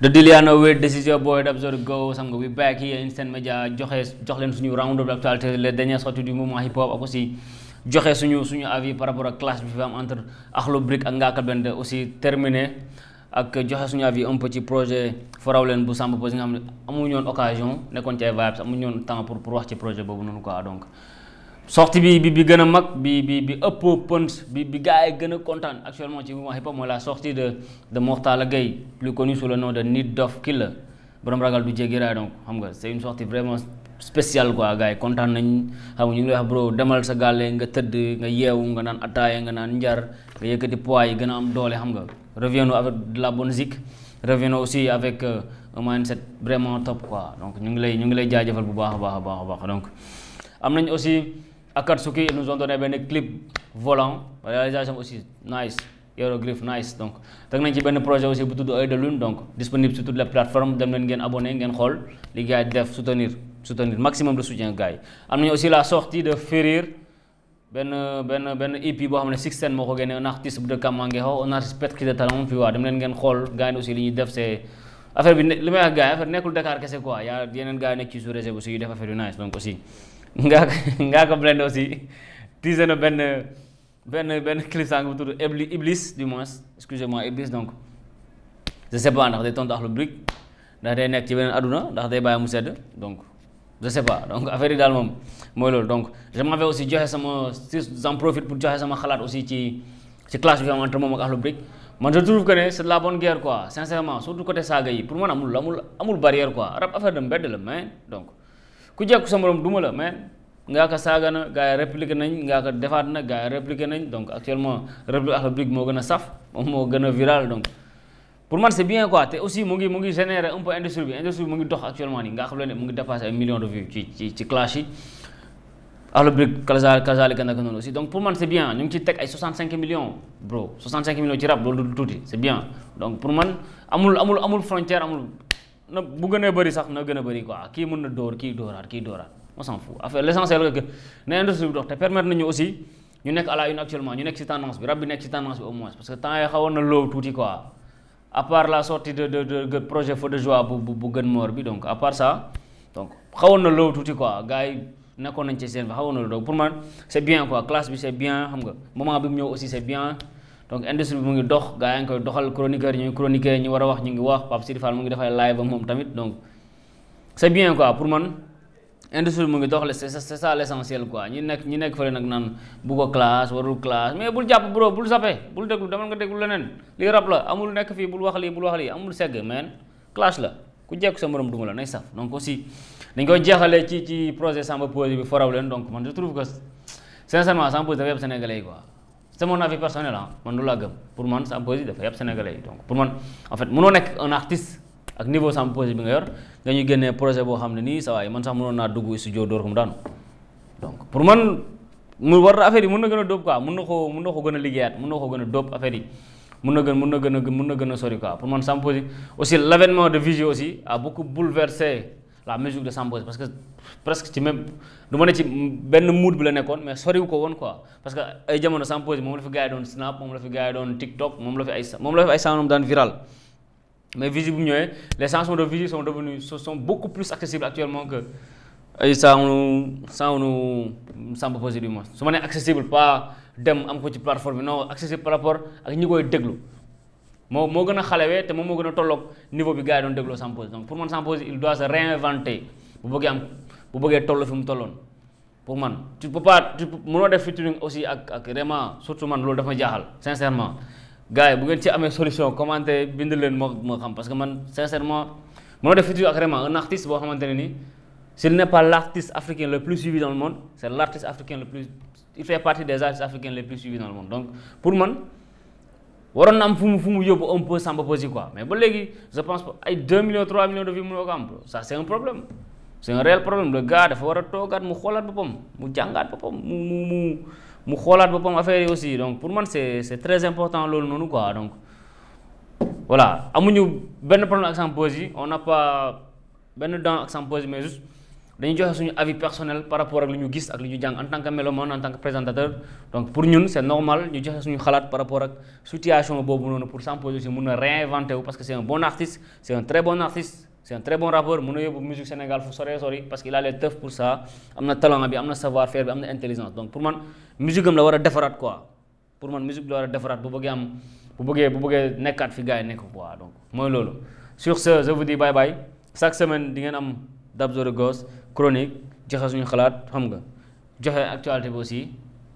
The Diliano with this is your boy Dabzor Go. So I'm gonna be back Joxe jox leen suñu round of actualité les dernières sorties du mouvement suñu suñu avis par rapport ak clash bi fi am entre Akhlou Brick ak Ngaaka ak joxe suñu avis ci projet foraw leen bu Samba Peuzzi nga xam ne amuñu woon occasion nekkoon ci ay vibes amuñu woon temps pour pour wax ci projet boobu noonu quoi donc. sortie bi bi bi gën a mag bi bi bi ëpp punch bi bi gars yi gën a kontaan actuellement ci mouvement hip-hop la sortie de de Mortalla Gueye plus connu sous le nom de Nit Dof Killer borom ragal du jéggi raay donc xam nga c'est une sortie vraiment spéciale quoi gars yi kontaan nañ xam nga ñu ngi lay wax bro demal sa gàlle nga tëdd nga yeewu nga naan attaaye nga naan njar nga yëkkati poids yi gën a am doole xam nga revenons avec de la bonne zik revenons aussi avec euh, un mindset vraiment top quoi donc ñu ngi lay ñu ngi lay jaajëfal bu baax a baax a baax a baax donc Akatsuki ils nous ont donné benn clip volant réalisation aussi nice Yoro Griff nice donc teg nañ ci benn projet aussi bu tudd Oeil de Lune donc disponible sur toutes les plateformes dem leen ngeen abonné ngeen xool li gars yi def soutenir soutenir maximum de soutien gars yi am nañu aussi la sortie de Ferir benn benn benn EP boo xam ne Sixten moo ko génne un artiste bu dëkk Kamangeho un artiste pétri de talent puis waaw dem leen ngeen xool gars yi aussi li ñuy Ngaaka Ngaaka Blindé aussi tease na benn benn benn cliffhanger bu tudd Iblis du moins excusez-moi Iblis donc je sais pas ndax day tontu Akhlou Brick ndax day nekk ci beneen aduna ndax day bàyyi mu sedd donc je sais pas donc affaire yi daal moom mooy loolu donc je m'en vais aussi joxe sama si j'en profite pour joxe sama xalaat aussi ci ci clash bi am entre moom ak Akhlou Brick man je trouve que ne c'est la bonne guerre quoi sincèrement surtout côté saaga yi pour man de mbedd la mais donc. ku jekku sa morom duma la mais ngaa ko saaga na yi répliqué nañ ngaa ko defaat na gars yi répliqué nañ donc actuellement réplique ak réplique moo gën a saf moom moo gën a viral donc pour man c'est bien quoi te aussi mu ngi mu noonu aussi donc pour man c'est bien ñu ngi teg ay 65 millions bro 65 millions ci rap loolu du tuuti c'est bien donc pour man amul amul amul frontière amul na bu gënee bëri sax na gën a bëri quoi kii mën na dóor kii dóoraat kii dóoraat on s'en fout affaire l'essentiel que na industrie bi dox te permettre nañu aussi ñu nekk à la une actuellement ñu nekk ci tendance bi rab nekk ci tendance bi au moins parce que temps yi xawoon na loow tuuti quoi à la sortie de de de projet feu de joie bu bu gën moor bi donc à part donc xawoon na loow tuuti quoi gars nekkoon nañ ci seen bi xawoon na loow donc industrie bi mu ngi dox gaa yaa ngi koy doxal chroniqueur ñu ngi ñu war a wax ñu ngi wax Pape Sidi Fall mu ngi defay live ak moom tamit donc c'est bien quoi pour man industrie bi mu ngi dox c'est c'est ça l'essentiel quoi ñi nekk ñi nekk fële nag naan mais bul jàpp bro bul zappe bul déglu nga déglu leneen rab la amul nekk fii bul wax lii bul wax lii amul segg mais classe ku jekku sa morom duma la nay saf donc aussi dañ koy jeexalee ci ci projet Samba Pose bi foraw leen donc man je trouve que sincèrement quoi c'est mon avis personnel ah man loolu laa gëm pour man Shamposi dafa yàpp sénégalais yi donc pour man en fait mënoo nekk un artiste ak niveau Shamposi bi nga yor nga ñuy génnee projet boo xam ne nii sa waay man sax mënoon naa dugg studio dóor ko mu daanu donc pour man mu war affaire yi mën na gën a dóob quoi mën na koo mën na ko gën a liggéeyaat mën na ko gën a dóob affaire yi mën na gën mën na gën a mën na gën a sori quoi pour man Shamposi aussi l'avènement de Vigie la musique de Sambos parce que presque ci même du ma ne ci benn mood bi la nekkoon mais soriw ko woon quoi parce que ay jamono Sambos moom la fi gars yi doon snap moom la fi gars yi doon TikTok moom la fi ay moom la fi ay sangam daan viral. mais Vigie bu ñëwee les chansons de Vigie sont devenues sont beaucoup plus accessibles actuellement que ay sangnu sangnu Samba Peuzzi du moins su ma nee accessible pas dem am ko ci plateforme bi non accessible par rapport ak ñi koy déglu. moo moo gën a xalewee te moom moo gën a tolloog niveau bi gars yi doon dégloo Sambos donc pour man Sambos il doit se réinventer bu bëggee am bu bëggee toll fi mu tolloon pour man tu peux pas def featuring aussi ak ak vraiment surtout man loolu dafa ma jaaxal sincèrement gars yi bu ngeen ci amee solution commenté bind leen moo moo xam parce que man sincèrement mënoo def featuring ak vraiment un boo xamante ne nii s'il n'est pas l'artiste africain le plus suivi dans le monde c'est l'artiste africain waroon na am fu mu fu mu yóbbu un peu Samba Peuzzi quoi mais ba léegi je pense que ay 2 millions 3 millions de vues mënoo ko am ça c' un problème c' est un réel problème le dafa war a toogaat mu xoolaat boppam mu jàngaat boppam mu mu mu mu xoolaat boppam affaire yi aussi donc pour man c' est c' est très important loolu noonu quoi donc voilà amuñu benn problème ak Samba Peuzzi on n'a benn dent ak Samba Peuzzi mais juste. dañu joxe suñu avis personnel par rapport ak lu ñu gis ak lu ñu jàng en tant que mélomane en tant que présentateur donc pour ñun c'est normal ñu joxe suñu xalaat par rapport ak situation boobu noonu pour Sampo mun na réinventer wu parce que c'est un bon artiste c'est un très bon artiste c'est un très bon rappeur mun na yóbbu musique Sénégal fu sore sori parce que il a les teuf pour ça am na talent bi am na savoir faire bi chronique joxe suñu xalaat xam nga joxe actualité bi aussi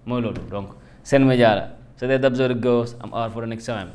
mooy loolu donc seen média la c'est des Dabzor Girls am hour for the next time